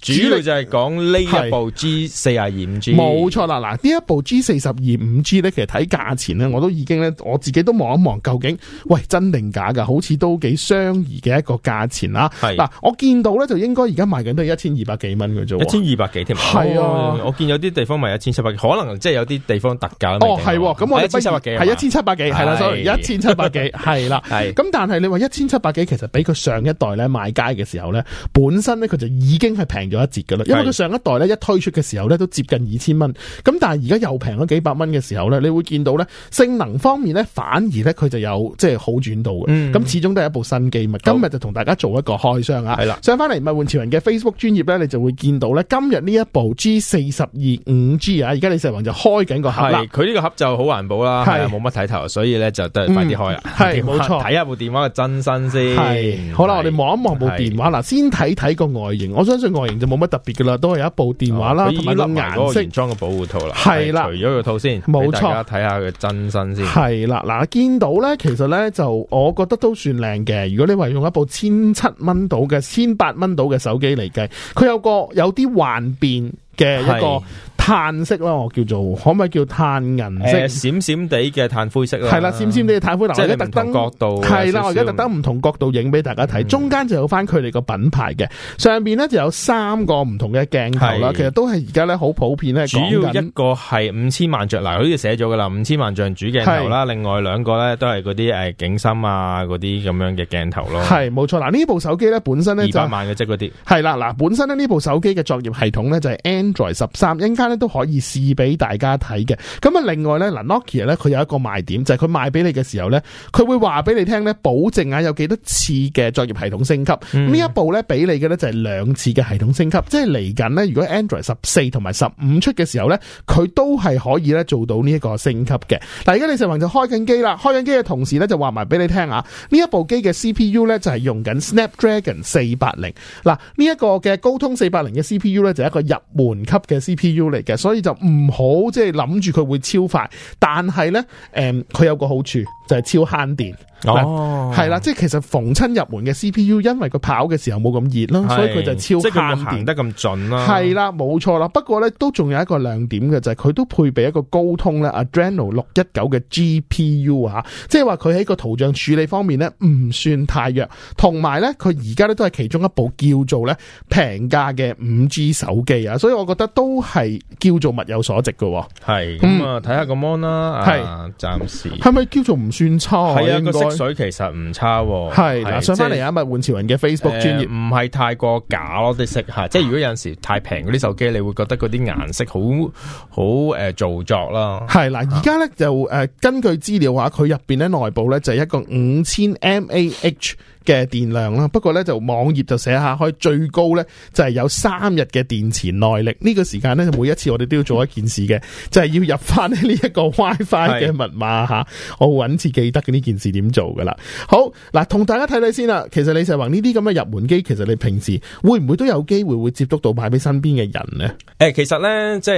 今日主要就係講呢一部 G 四二五 G。冇、嗯嗯、錯啦，嗱呢一部 G 四十二五。嗯嗯嗯五 G 咧，其實睇價錢咧，我都已經咧，我自己都望一望究竟，喂真定假噶？好似都幾相宜嘅一個價錢、啊、啦。嗱，我見到咧，就應該 1, 而家賣緊都係一千二百幾蚊嘅啫。一千二百幾添，係啊、哦！我見有啲地方賣一千七百幾，可能即係有啲地方特價。哦，係喎、啊。咁我一千七百幾，係一千七百幾，係啦、啊啊，所以一千七百幾，係 啦、啊。咁、啊、但係你話一千七百幾，其實比佢上一代咧賣街嘅時候咧， 本身咧佢就已經係平咗一截㗎啦。因為佢上一代咧一推出嘅時候咧都接近二千蚊，咁但係而家又平咗幾百蚊嘅。時候咧，你會見到咧，性能方面咧，反而咧佢就有即係好轉到嘅。咁、嗯、始終都係一部新機物。今日就同大家做一個開箱啊。係啦，上翻嚟物玩潮人嘅 Facebook 專頁咧，你就會見到咧，今日呢一部 G42 5G 啊，而家李世宏就開緊個盒啦。佢呢個盒就好環保啦，係啊，冇乜睇頭，所以咧就得快啲開啦。係冇錯，睇、嗯、下部電話嘅真身先。係好啦，我哋望一望部電話嗱，先睇睇個外形。我相信外形就冇乜特別噶啦，都係一部電話啦，同埋立顏色原裝嘅保護套啦。係啦，除咗個套先。冇錯，睇下佢真身先係啦。嗱，見到呢，其實呢，就我覺得都算靚嘅。如果你話用一部千七蚊到嘅、千八蚊到嘅手機嚟計，佢有個有啲幻變嘅一個碳色咯，我叫做可唔可以叫碳銀色？閃閃哋嘅碳灰色啦。係啦，閃閃哋嘅碳灰色啦。即係特登角度。係啦，我而家特登唔同角度影俾大家睇，嗯。中間就有翻佢哋個品牌嘅，上邊呢就有三個唔同嘅鏡頭啦。其實都係而家咧好普遍咧。主要一個係五千萬像，嗱，好似寫咗噶啦，五千萬像主鏡頭啦，另外兩個咧都係嗰啲誒景深啊嗰啲咁樣嘅鏡頭咯。係冇錯，嗱呢部手機咧本身咧二百萬嘅即嗰啲。係啦，嗱本身呢，呢部手機嘅作業系統咧就係 Android 十三，都可以試俾大家睇嘅，咁啊另外呢，嗱 Nokia 咧佢有一個賣點就係、是、佢賣俾你嘅時候呢佢會話俾你聽呢保證啊有幾多次嘅作業系統升級呢、嗯、一部呢俾你嘅呢就係兩次嘅系統升級，即係嚟緊呢，如果 Android 十四同埋十五出嘅時候呢佢都係可以呢做到呢一個升級嘅。嗱而家李世民就開緊機啦，開緊機嘅同時呢就話埋俾你聽啊，呢一部機嘅 CPU 呢就係用緊 Snapdragon 四八零，嗱呢一個嘅高通四八零嘅 CPU 呢就係一個入門級嘅 CPU 嚟。嘅，所以就唔好即係諗住佢會超快，但係咧，誒、嗯，佢有個好處。就係、是、超慳電，哦，係啦，即係其實逢親入門嘅 CPU，因為佢跑嘅時候冇咁熱啦，所以佢就是超慳電即係佢得咁準啦。係啦，冇錯啦。不過咧，都仲有一個亮點嘅就係、是、佢都配備一個高通咧 Adreno 六一九嘅 GPU 啊，即係話佢喺個圖像處理方面咧唔算太弱。同埋咧，佢而家咧都係其中一部叫做咧平價嘅五 G 手機啊，所以我覺得都係叫做物有所值㗎。係咁啊，睇下個 mon 啦，係暫時係咪叫做唔？轉差、啊，係啊個色水其實唔差、啊。係嗱、啊啊，上翻嚟一咪玩潮人嘅 Facebook 專頁，唔、呃、係太過假咯啲色，係即係如果有陣時太平嗰啲手機，你會覺得嗰啲顏色、嗯、好好誒、呃、做作啦。係嗱、啊，而家咧就誒、呃、根據資料話，佢入邊咧內部咧就係、是、一個五千 mAh。嘅電量啦，不過咧就網頁就寫下可以最高咧就係、是、有三日嘅電池耐力呢、這個時間咧，每一次我哋都要做一件事嘅，就係、是、要入翻呢一個 WiFi 嘅密碼吓、啊，我會搵自己記得嘅呢件事點做噶啦。好嗱，同大家睇睇先啦。其實你就話呢啲咁嘅入門機，其實你平時會唔會都有機會會接觸到買俾身邊嘅人呢？誒，其實咧即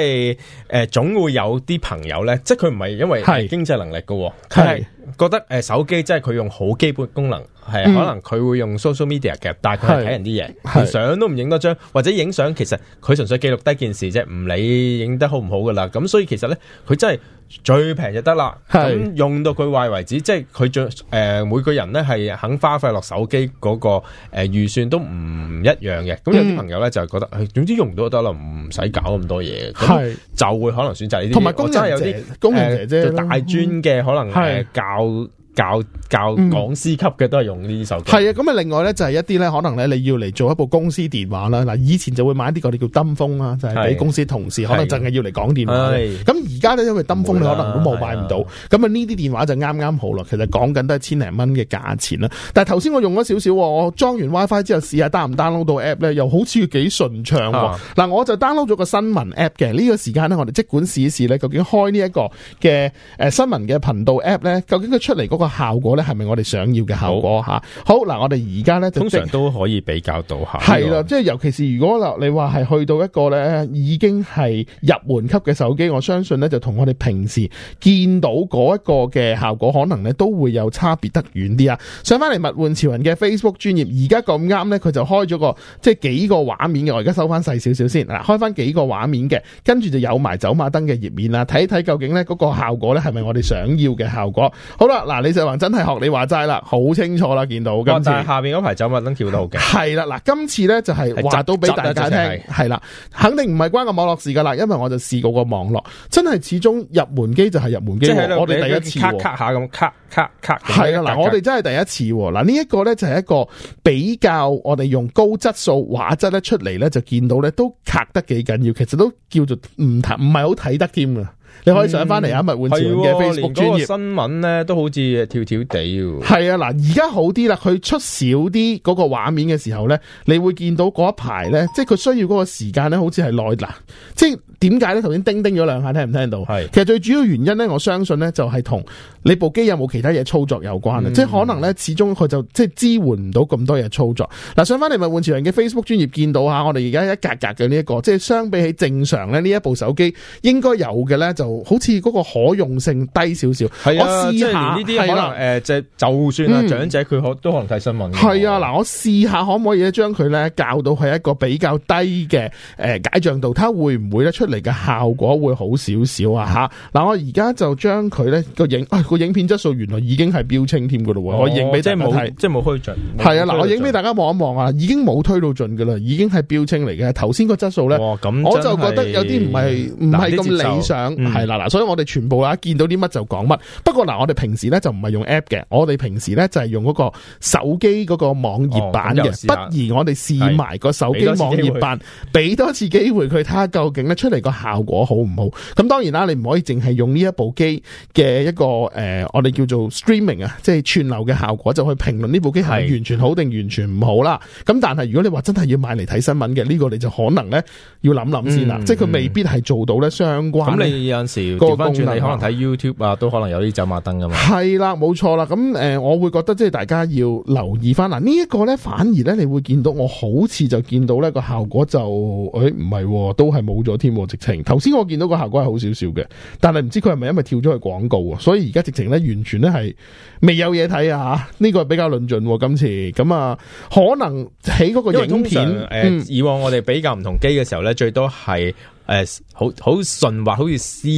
係誒，總會有啲朋友咧，即係佢唔係因為係經濟能力噶係。覺得誒手機真係佢用好基本功能，係可能佢會用 social media 嘅，但係佢係睇人啲嘢，連相都唔影多張，或者影相其實佢純粹記錄低件事啫，唔理影得好唔好㗎喇。咁所以其實咧，佢真係。最平就得啦，咁用到佢壞為止，即係佢最、誒、呃，每個人咧係肯花費落手機嗰，那個誒預、呃、算都唔一樣嘅。咁有啲朋友咧就係覺得、嗯，總之用唔到就得啦，唔使搞咁多嘢，係、嗯、就會可能選擇呢啲同埋工人真有啲工人姐姐、呃、大專嘅，可能係教。嗯教教講師級嘅都係用呢啲手機。係、嗯、啊，咁啊，另外咧就係一啲咧，可能咧你要嚟做一部公司電話啦。嗱，以前就會買啲我哋叫登峰啦，就係、是、俾公司同事可能淨係要嚟講電話。咁而家咧，因為登峰你可能都冇買唔到，咁啊呢啲電話就啱啱好啦。其實講緊都係千零蚊嘅價錢啦。但係頭先我用咗少少，我裝完 WiFi 之後試下 download 唔 download 到 app 咧，又好似幾順暢。嗱，我就 download 咗個新聞 app 嘅呢個時間咧，我哋即管試一試咧，究竟開呢一個嘅誒、呃、新聞嘅頻道 app 咧，究竟佢出嚟個效果咧係咪我哋想要嘅效果吓？好，嗱，我哋而家咧通常都可以比較到下，這個，係啦，即係尤其是如果嗱，你話係去到一個咧已經係入門級嘅手機，我相信咧就同我哋平時見到嗰一個嘅效果，可能咧都會有差別得遠啲啊！上翻嚟，物換潮人嘅 Facebook 專頁，而家咁啱咧，佢就開咗個即係幾個畫面嘅，我而家收翻細少少先，開翻幾個畫面嘅，跟住就有埋走馬燈嘅頁面啦，睇一睇究竟咧嗰個效果咧係咪我哋想要嘅效果？好啦，嗱你。就真係學你話齋啦，好清楚啦，見到，今次。但係下邊嗰排走馬燈跳得好勁。係啦，嗱，今次呢就係話到俾大家聽，係啦、就是，肯定唔係關個網絡事噶啦，因為我就試過個網絡，真係始終入門機就係入門機、就是，我哋第一次。卡卡，卡下咁卡卡卡係啦，我哋真係第一次。嗱，呢、這、一個呢就係一個比較，我哋用高質素畫質咧出嚟，呢就見到呢都卡得幾緊要，其實都叫做唔睇，唔係好睇得添噶。你可以上翻嚟阿物玩潮人嘅 Facebook 專頁，連嗰個新聞咧都好似跳跳地。係啊，嗱，而家好啲啦，佢出少啲嗰個畫面嘅時候咧，你會見到嗰一排咧，即係佢需要嗰個時間咧，好似係耐。嗱，即係點解咧？頭先叮叮咗兩下，聽唔聽到？係。其實最主要原因咧，我相信咧，就係、是、同你部機有冇其他嘢操作有關啊、嗯。即係可能咧，始終佢就即係支援唔到咁多嘢操作。嗱，上翻嚟物玩潮人嘅 Facebook 專頁，見到吓，我哋而家一格格嘅呢一個，即係相比起正常咧，呢一部手機應該有嘅咧就好似嗰個可用性低少少、啊，我試下。係啦，誒、啊，即、呃、係就算啊、嗯，長者佢可都可能睇新聞。係啊，嗱、哦，我試下可唔可以咧將佢咧較到係一個比較低嘅誒、呃、解像度，睇下會唔會咧出嚟嘅效果會好少少啊吓嗱，我而家就將佢咧個影個影片質素原來已經係標清添㗎咯喎。我影俾即係冇即係冇推盡。推盡，係啊，嗱，我影俾大家望一望啊，已經冇推到盡㗎啦，已經係標清嚟嘅。頭先個質素咧、哦，我就覺得有啲唔係唔係咁理想。嗯係啦嗱，所以我哋全部啊見到啲乜就講乜。不過嗱，我哋平時咧就唔係用 app 嘅，我哋平時咧就係用嗰個手機嗰個網頁版嘅、哦。不如我哋試埋個手機網頁版，俾多次機會佢睇下究竟咧出嚟個效果好唔好。咁當然啦，你唔可以淨係用呢一部機嘅一個誒、呃，我哋叫做 streaming 啊，即係串流嘅效果，就去評論呢部機係完全好定完全唔好啦。咁但係如果你話真係要買嚟睇新聞嘅，呢、這個你就可能咧要諗諗先啦、嗯。即係佢未必係做到咧相關。嗯嗯嗯時調翻轉你可能睇 YouTube 啊，啊，都可能有啲走馬燈㗎嘛。係啦，冇錯啦。咁、呃、誒，我會覺得即係大家要留意翻嗱，啦這個、呢一個咧反而咧你會見到我好似就見到咧個效果就誒唔係，都係冇咗添直情。頭先我見到個效果係好少少嘅，但係唔知佢係咪因為跳咗去廣告啊？所以而家直情咧完全咧係未有嘢睇啊！吓，呢個係比較論盡、啊、今次咁啊，可能喺嗰個影片誒、嗯，以往我哋比較唔同機嘅時候咧，最多係。誒、欸，好好順滑，好似 C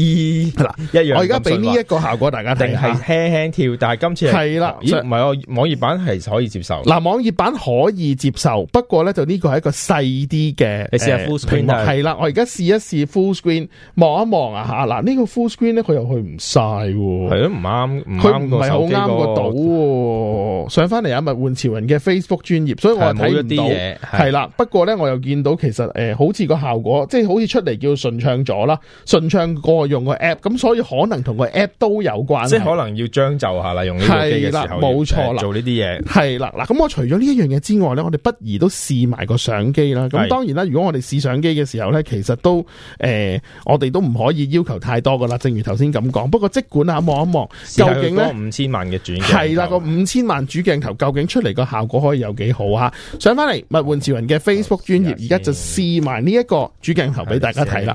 嗱一樣。我而家俾呢一個效果大家看看，定係輕輕跳，但係今次係。係啦，唔係我網頁版係可以接受。嗱，網頁版可以接受，不過咧就呢個係一個細啲嘅屏幕。你試下 full screen 係、呃、啦，我而家試一試 full screen，望一望啊吓。嗱，呢、這個 full screen 咧，佢又去唔晒喎。係咯，唔啱，唔啱個手機、那個。佢唔係好啱個度喎。上翻嚟啊，咪換、啊、潮人嘅 Facebook 專頁，所以我睇啲嘢。係啦，不過咧我又見到其實誒、呃，好似個效果，即係好似出嚟。叫順暢咗啦，順暢過用個 app，咁所以可能同個 app 都有關。即係可能要將就下啦，用呢啲機嘅時候嚟做呢啲嘢。係啦，嗱，咁我除咗呢一樣嘢之外呢，我哋不宜都試埋個相機啦。咁當然啦，如果我哋試相機嘅時候呢，其實都誒、呃，我哋都唔可以要求太多噶啦。正如頭先咁講，不過即管啊，望一望究竟呢，五千萬嘅轉鏡係啦，個五千萬主鏡頭究竟出嚟個效果可以有幾好啊？上翻嚟物玩潮人嘅 Facebook 專頁，而家就試埋呢一個主鏡頭俾大家。睇啦，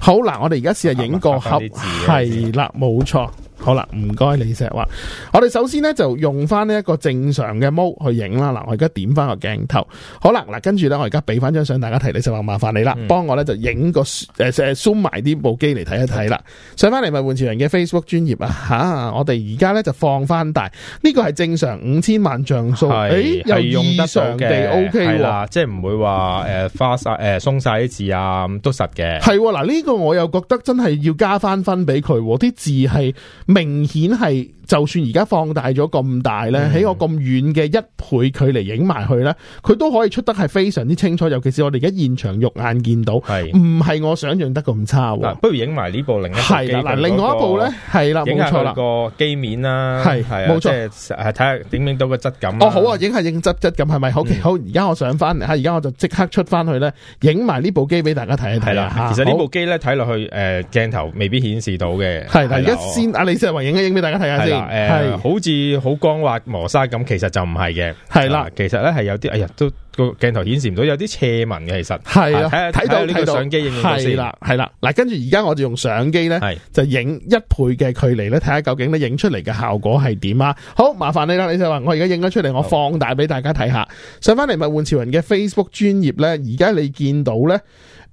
好啦，我哋而家試下影個盒，係啦，冇錯。好啦，唔該，你石話，我哋首先咧就用翻呢一個正常嘅毛去影啦。嗱，我而家點翻個鏡頭，好啦，嗱，跟住咧我而家俾翻張相大家睇，家你,煩你、嗯、就話麻煩你啦，幫我咧就影個誒誒 show 埋啲部機嚟睇一睇啦。上翻嚟咪換潮人嘅 Facebook 專頁啊，吓、啊，我哋而家咧就放翻大，呢、這個係正常五千萬像素，係又、欸、用得上嘅，OK，、啊、啦，即係唔會話誒花晒誒鬆晒啲字啊，都實嘅。係 嗱、啊，呢、這個我又覺得真係要加翻分俾佢，啲字係。明顯係，就算而家放大咗咁大咧，喺、嗯、我咁遠嘅一倍距離影埋去咧，佢都可以出得係非常之清楚，尤其是我哋而家現場肉眼見到，唔係我想象得咁差。喎、啊。不如影埋呢部另一部，係啦，嗱、啊那個，另外一部咧，係啦，冇錯啦，個機面啦，係係冇錯，係睇下點影到個質感、啊。哦，好啊，影下影質質感係咪好？嗯、好而家我上翻嚟，嚇而家我就即刻出翻去咧，影埋呢部機俾大家睇一睇啦、啊。其實呢部機咧睇落去，誒、呃、鏡頭未必顯示到嘅。而家先啊你。啊。即係話影一影俾大家睇下先，誒、呃，好似好光滑磨砂咁，其實就唔係嘅。係啦、呃，其實咧係有啲，哎呀，都個鏡頭顯示唔到有啲斜紋嘅，其實係啊。睇到呢個相機影到死啦，係啦。嗱，跟住而家我就用相機咧，就影一倍嘅距離咧，睇下究竟咧影出嚟嘅效果係點啊。好，麻煩你啦，你就話我而家影咗出嚟，我放大俾大家睇下。上翻嚟物玩潮人嘅 Facebook 專頁咧，而家你見到咧。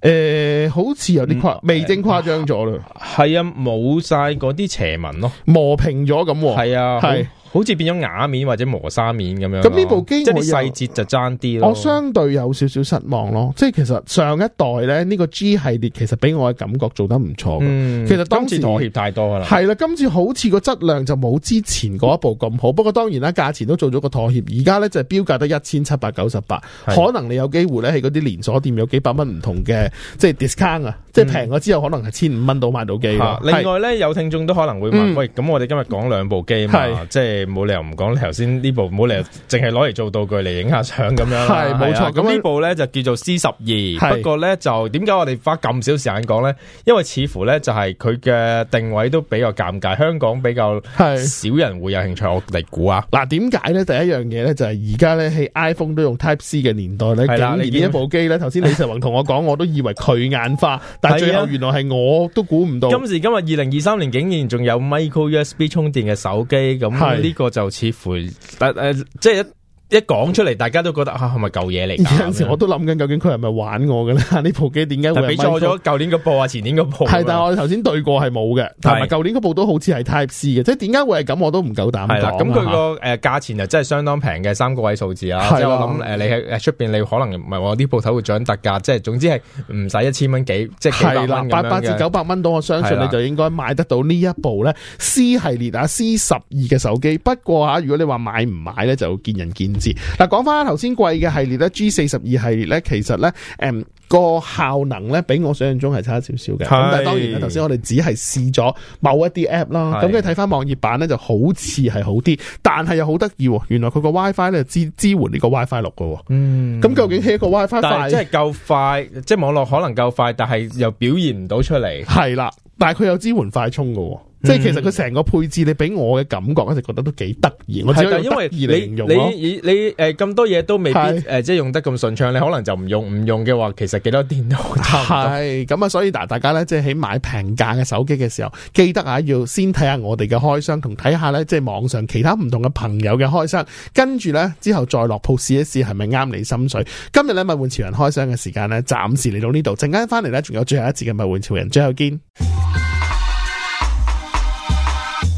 誒、欸，好似有啲誇，味精誇張咗啦，係、嗯、啊，冇晒嗰啲斜紋咯，磨平咗咁，係啊，係。好似變咗啞面或者磨砂面咁樣，咁呢部機即係細節就爭啲咯。我相對有少少失望咯，即係其實上一代咧呢、呢個 G 系列其實俾我嘅感覺做得唔錯、嗯。其實當時今次妥協太多啦。係啦，今次好似個質量就冇之前嗰一部咁好。不過當然啦，價錢都做咗個妥協。而家呢就係、標價得一千七百九十八，可能你有機會呢喺嗰啲連鎖店有幾百蚊唔同嘅，即係 discount 啊、嗯，即係平咗之後可能係千五蚊到買到機、啊。另外呢，有聽眾都可能會問：嗯、喂，咁我哋今日講兩部機嘛？即係冇理由唔講，頭先呢部冇理由淨係攞嚟做道具嚟影下相咁樣。係，冇錯。咁呢部咧就叫做 C 十二，不過咧就點解我哋花咁少時間講咧？因為似乎咧就係佢嘅定位都比較尷尬，香港比較少人會有興趣。我嚟估啊，嗱，點解咧？第一樣嘢咧就係而家咧喺 iPhone 都用 Type C 嘅年代咧，竟然呢一部機咧，頭先李世宏同我講， 我都以為佢眼花，但最後原來係我都估唔到。今時今日二零二三年，竟然仲有 Micro USB 充電嘅手機咁。呢、這個就似乎，誒、呃、即係一。一講出嚟，大家都覺得吓係咪舊嘢嚟？有陣時候我都諗緊，究竟佢係咪玩我㗎啦呢 部機點解會？比錯咗舊年嗰部啊，前年嗰部係。但係我哋頭先對過係冇嘅，同埋舊年嗰部都好似係 Type C 嘅，即係點解會係咁？我都唔夠膽講，咁佢個誒價錢就真係相當平嘅，三個位數字啊係啦，咁誒你喺出邊，你可能唔係話啲鋪頭會漲特價，即係總之係唔使一千蚊幾，即係八百至九百蚊到，我相信你就應該買得到呢一部咧 C 系列啊 C 十二嘅手機。不過吓，如果你話買唔買咧，就見仁見。嗱，講翻頭先貴嘅系列咧，G 四十二系列咧，其實咧，誒、嗯、個效能咧，比我想象中係差少少嘅。咁但係當然啦，頭先我哋只係試咗某一啲 app 啦，咁跟睇翻網頁版咧，就好似係好啲，但係又好得意，原來佢個 WiFi 咧支支援呢個 WiFi 六嘅。嗯，咁究竟係一個 WiFi 快？但係即係夠快，即係網絡可能夠快，但係又表現唔到出嚟。係啦，但係佢有支援快充喎。即、嗯、係其實佢成個配置，你俾我嘅感覺，一直覺得都幾得意。我只有有有得意嚟形容你你誒咁、呃、多嘢都未必即係、呃、用得咁順暢，你可能就唔用唔用嘅話，其實幾多電腦差唔多。係咁啊，所以嗱，大家呢，即係喺買平價嘅手機嘅時候，記得啊要先睇下我哋嘅開箱，同睇下呢，即係網上其他唔同嘅朋友嘅開箱，跟住呢，之後再落鋪試一試係咪啱你心水。今日呢，物玩潮人開箱嘅時間呢，暫時嚟到呢度，陣間翻嚟呢，仲有最後一節嘅物玩潮人，最後見。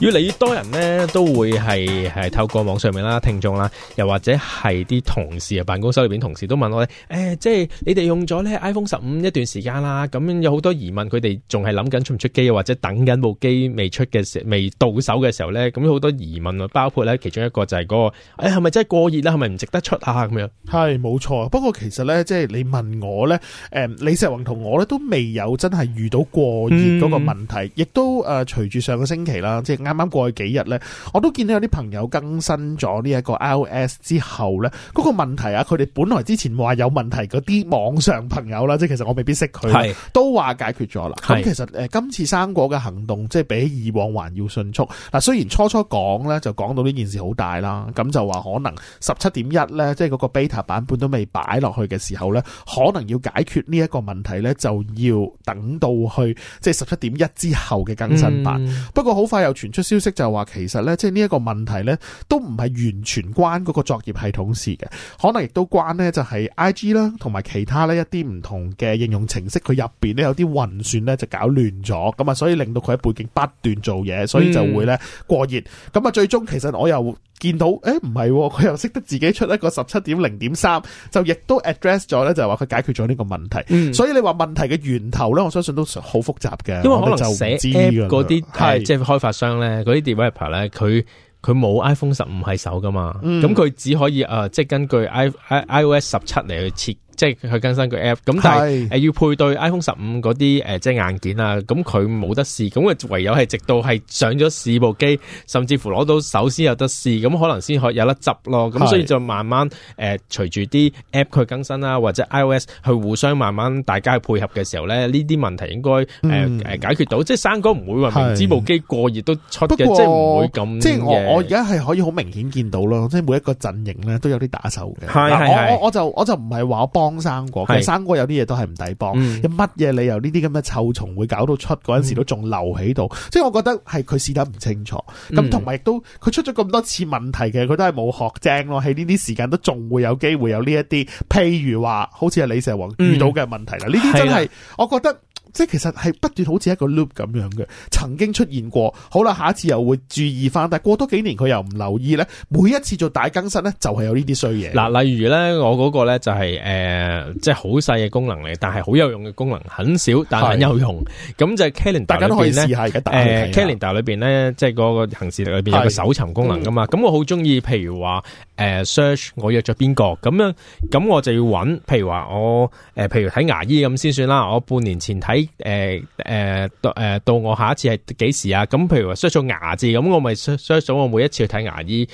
越嚟越多人咧，都會係係透過網上面啦、聽眾啦，又或者係啲同事啊、辦公室入邊同事都問我咧。誒，即係你哋用咗咧 iPhone 十五一段時間啦，咁有好多疑問，佢哋仲係諗緊出唔出機，或者等緊部機未出嘅時，未到手嘅時候咧，咁好多疑問喎。包括咧，其中一個就係嗰個，誒係咪真係過熱啦？係咪唔值得出啊？咁樣。係，冇錯，不過其實咧，即係你問我咧，誒李石宏同我咧都未有真係遇到過熱嗰個問題，亦都誒隨住上個星期啦，即係。啱啱過去幾日呢，我都見到有啲朋友更新咗呢一個 iOS 之後呢。嗰、那個問題啊，佢哋本來之前話有問題嗰啲網上朋友啦，即係其實我未必識佢，都話解決咗啦。咁其實誒、呃、今次生果嘅行動，即係比起以往還要迅速。嗱，雖然初初講呢，就講到呢件事好大啦，咁就話可能十七點一呢，即係嗰個 beta 版本都未擺落去嘅時候呢，可能要解決呢一個問題呢，就要等到去即係十七點一之後嘅更新版。嗯、不過好快又傳出消息，就話其實咧，即係呢一個問題呢都唔係完全關嗰個作業系統事嘅，可能亦都關呢，就係 IG 啦，同埋其他呢一啲唔同嘅應用程式，佢入邊呢，有啲運算呢，就搞亂咗，咁啊，所以令到佢喺背景不斷做嘢，所以就會呢過熱，咁啊，最終其實我又。見到，誒唔係，佢、喔、又識得自己出一個十七點零點三，就亦都 address 咗咧，就話、係、佢解決咗呢個問題。嗯、所以你話問題嘅源頭咧，我相信都好複雜嘅，因為可能寫 app 嗰啲係即係開發商咧，嗰啲 developer 咧，佢佢冇 iPhone 十五係手噶嘛，咁、嗯、佢只可以誒、呃、即係根據 i i iOS 十七嚟去設。即係佢更新個 app，咁但係誒要配對 iPhone 十五嗰啲誒即係硬件啊，咁佢冇得試，咁啊唯有係直到係上咗試部機，甚至乎攞到手先有得試，咁可能先可有得執咯。咁所以就慢慢誒隨住啲 app 佢更新啦，或者 iOS 去互相慢慢大家去配合嘅時候咧，呢啲問題應該誒誒解決到，即係生哥唔會話明知部機過熱都出嘅，即係唔會咁。即係我我而家係可以好明顯見到咯，即係每一個陣營咧都有啲打手嘅。係係係，我我就我就唔係話幫。幫生果，但係生果有啲嘢都係唔抵幫，有乜嘢理由呢啲咁嘅臭蟲會搞到出嗰陣時都仲留喺度？即、嗯、係我覺得係佢試得唔清楚，咁同埋亦都佢出咗咁多次問題嘅，佢都係冇學正咯。喺呢啲時間都仲會有機會有呢一啲，譬如話好似係李石王遇到嘅問題啦，呢、嗯、啲真係我覺得。即係其實係不斷好似一個 loop 咁樣嘅，曾經出現過，好啦，下一次又會注意翻，但係過多幾年佢又唔留意咧。每一次做大更新咧，就係、是、有呢啲衰嘢。嗱，例如咧、就是，我嗰個咧就係誒，即係好細嘅功能嚟，但係好有用嘅功能，很少但係很有用。咁就 calendar 裏邊咧，大家可以試下，誒、呃、calendar 裏邊咧，即係嗰個行事裏邊有個搜尋功能噶嘛。咁、嗯、我好中意，譬如話誒、呃、search 我約咗邊個咁樣，咁我就要揾，譬如話我誒，譬如睇牙醫咁先算啦。我半年前睇。誒誒誒，到我下一次係幾時啊？咁譬如話削咗牙字，咁我咪削削我每一次去睇牙醫誒，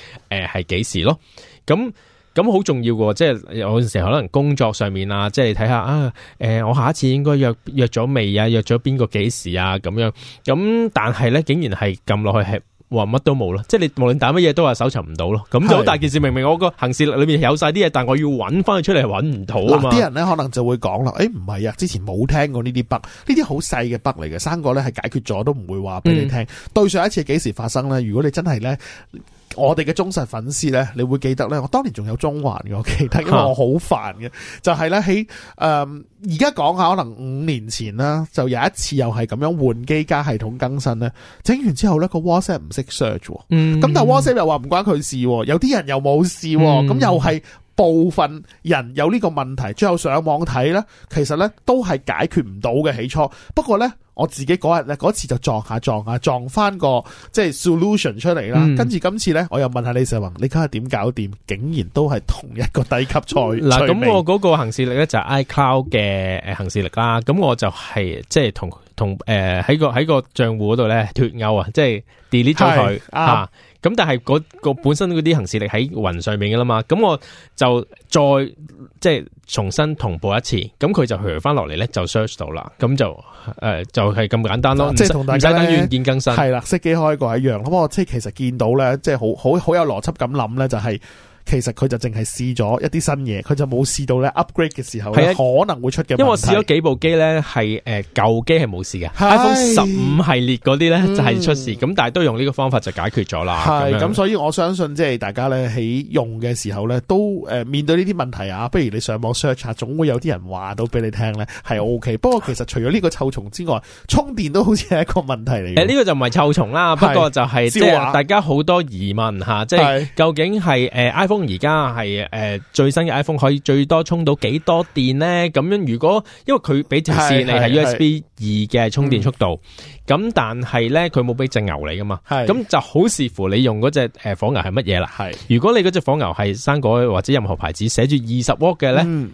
係、欸、幾時咯？咁咁好重要嘅，即係有陣時可能工作上面你看啊，即係睇下啊，誒，我下一次應該約約咗未啊？約咗邊個幾時啊？咁樣咁，但係咧竟然係撳落去係。話乜都冇喇，即係你無論打乜嘢都話搜尋唔到咯，咁就好大件事，明明我個行事裏面有晒啲嘢，但我要揾翻佢出嚟揾唔到啊嘛，啲人咧可能就會講啦，誒唔係啊，之前冇聽過呢啲 bug，呢啲好細嘅 bug 嚟嘅，生過咧係解決咗都唔會話俾你聽，嗯、對上一次幾時發生咧？如果你真係咧。我哋嘅忠實粉絲咧，你會記得咧？我當年仲有中環嘅，我記得因為我好煩嘅，就係咧喺誒而家講下，可能五年前啦，就有一次又係咁樣換機加系統更新咧，整完之後咧、個 WhatsApp 唔識 search，咁但係 WhatsApp 又話唔關佢事，有啲人又冇事，咁、嗯、又係部分人有呢個問題，最後上網睇咧，其實咧都係解決唔到嘅起初，不過咧。我自己嗰日咧嗰次就撞下撞下撞翻個即係 solution 出嚟啦，跟、嗯、住今次咧我又問下李世文，你睇下點搞掂？竟然都係同一個低級賽。嗱、嗯，咁我嗰個行事曆咧就 iCloud 嘅誒行事曆啦，咁我就係即係同同誒喺、呃、個喺個賬戶嗰度咧脫鈎啊，即、就、係、是、delete 咗佢。咁但係嗰個本身嗰啲行事曆喺雲上面噶啦嘛，咁我就再。即係重新同步一次，咁佢就回翻落嚟咧，就 search 到啦。咁就誒，就係咁簡單咯。即係同大家唔使等軟件更新。係啦，熄機開過一樣。咁我即係其實見到咧，即係好好好有邏輯咁諗咧，就係、是。其實佢就淨係試咗一啲新嘢，佢就冇試到咧 upgrade 嘅時候咧、啊、可能會出嘅問題。因為我試咗幾部機咧，係誒舊機係冇事嘅，iPhone 十五系列嗰啲咧就係、是、出事，咁、嗯、但係都用呢個方法就解決咗啦。咁、啊，所以我相信即係大家咧喺用嘅時候咧都誒、呃、面對呢啲問題啊，不如你上網 search 下，總會有啲人話到俾你聽咧係 OK 是、啊。不過其實除咗呢個臭蟲之外，充電都好似係一個問題嚟。呢、呃這個就唔係臭蟲啦、啊，不過就係即係大家好多疑問吓，即係、啊、究竟係誒 iPhone。呃而家係誒最新嘅 iPhone 可以最多充到幾多電咧？咁樣，如果因為佢俾隻線你係 USB 二嘅充電速度，咁但係咧佢冇俾隻牛你噶嘛？係咁就好視乎你用嗰隻誒火牛係乜嘢啦。係如果你嗰隻火牛係生果或者任何牌子寫住二十 W 嘅咧，咁、嗯、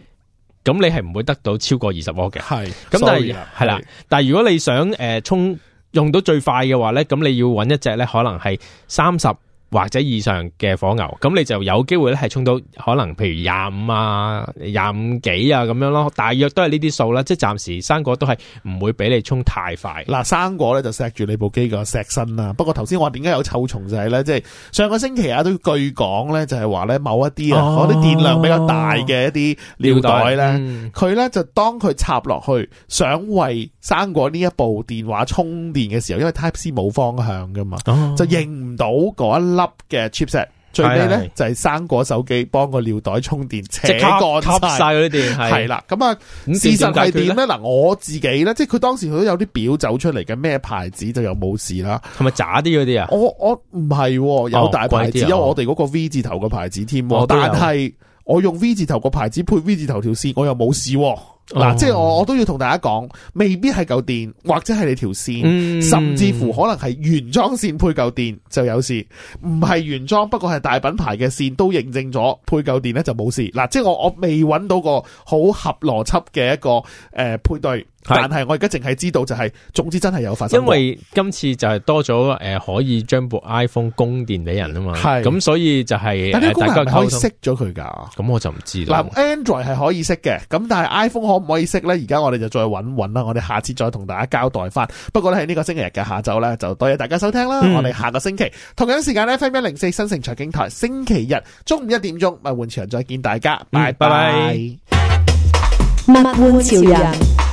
你係唔會得到超過二十 W 嘅。係咁但係係啦，但係如果你想誒充、呃、用到最快嘅話咧，咁你要搵一隻咧可能係三十。或者以上嘅火牛，咁你就有機會咧，係充到可能譬如廿五啊、廿五幾啊咁樣咯，大約都係呢啲數啦。即係暫時生果都係唔會俾你充太快。嗱，生果咧就錫住你部機個錫身啦。不過頭先我話點解有臭蟲就係咧，即係上個星期啊都據講咧，就係話咧某一啲啊嗰啲電量比較大嘅一啲尿袋咧，佢咧就當佢插落去想為生果呢一部電話充電嘅時候，因為 Type C 冇方向噶嘛，就認唔到嗰一粒。嘅 chipset，最尾咧就係生果手機幫個尿袋充電，扯乾晒嗰啲電係啦。咁啊，事實係點咧？嗱、嗯，我自己咧，即係佢當時佢都有啲表走出嚟嘅，咩牌子就又冇事啦。係咪渣啲嗰啲啊？我我唔係，有大牌子，哦啊、有我哋嗰個 V 字頭個牌子添、哦。但係我用 V 字頭個牌子配 V 字頭條線，我又冇事。嗱、啊，即係我我都要同大家講，未必係舊電或者係你條線，甚至乎可能係原裝線配舊電就有事，唔係原裝，不過係大品牌嘅線都認證咗，配舊電咧就冇事。嗱、啊，即係我我未揾到個好合邏輯嘅一個誒、呃、配對。但係我而家淨係知道就係，總之真係有發生。因為今次就係多咗誒，可以將部 iPhone 供電俾人啊嘛。係，咁所以就係，但係啲工可以熄咗佢噶。咁我就唔知啦。嗱，Android 係可以熄嘅，咁但係 iPhone 可唔可以熄咧？而家我哋就再揾一揾啦。我哋下次再同大家交代翻。不過咧喺呢個星期日嘅下晝咧，就多謝大家收聽啦。嗯、我哋下個星期同樣時間咧，FM 104新城財經台，星期日中午一點鐘，麥煥潮再見大家，嗯、拜拜。麥煥潮